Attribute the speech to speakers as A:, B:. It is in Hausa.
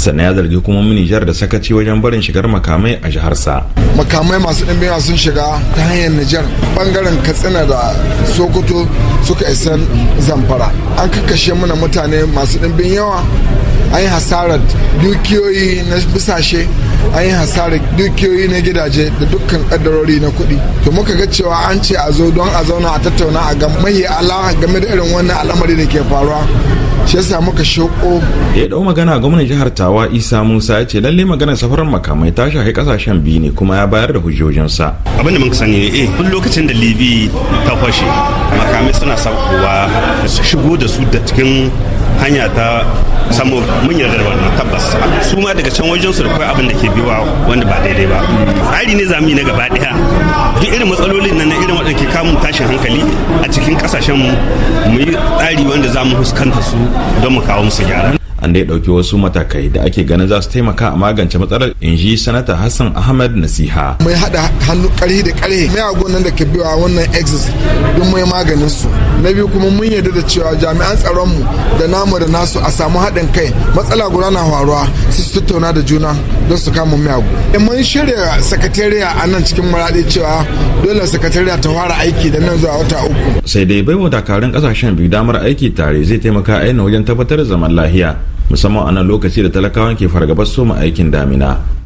A: sannan ya zargi kuma Nijar da sakaci wajen barin shigar makamai a jiharsa.
B: Makamai masu ɗanbewa yawa sun shiga ta hanyar Nijar bangaren Katsina da Sokoto suka isa Zamfara. An kakashe mana mutane masu ɗanbin yawa an yi hasarar dukiyoyi na bisashe an yi hasarar dukiyoyi na gidaje da dukkan ƙaddarori na kuɗi to muka ga cewa an ce a zo don a zauna a tattauna a ga mahi ala game da irin wannan al'amari da ke faruwa shi yasa muka shoko
A: ya dau magana gwamnan jihar tawa isa musa ya ce lalle magana safarar makamai ta shafi kasashen biyu ne kuma ya bayar da hujjojinsa
C: abin da muka sani ne eh duk lokacin da libi ta fashe makamai suna saukowa su shigo da su da cikin hanya ta samu mun yarda da wannan tabbas su ma daga can wajen su da kawai abin da ke biwa wanda ba daidai ba tsari ne zamu yi na gaba daya duk irin matsalolin nan na irin waɗanda ƙarshen mu yi tsari wanda za mu huskanta su don mu kawo musu gyara
A: an dai ɗauki wasu matakai da ake ganin za su taimaka a magance matsalar inji sanata hassan ahmad nasiha
B: mai haɗa hannu ƙarhi da mai hagu nan da ke biwa wannan exit don mai maganin su na biyu kuma mun yarda da cewa jami'an tsaronmu da namu da nasu a samu haɗin kai matsala guda na faruwa su tattauna da juna don su kama miyagu eh, mun shirya sakatariya a nan cikin maraɗi cewa dole sakatariya ta fara aiki da nan zuwa wata uku
A: sai dai baiwa dakarun kasashen biyu damar aiki tare zai taimaka yana wajen tabbatar da zaman lahiya musamman a nan lokaci da talakawan ke fargabar soma aikin damina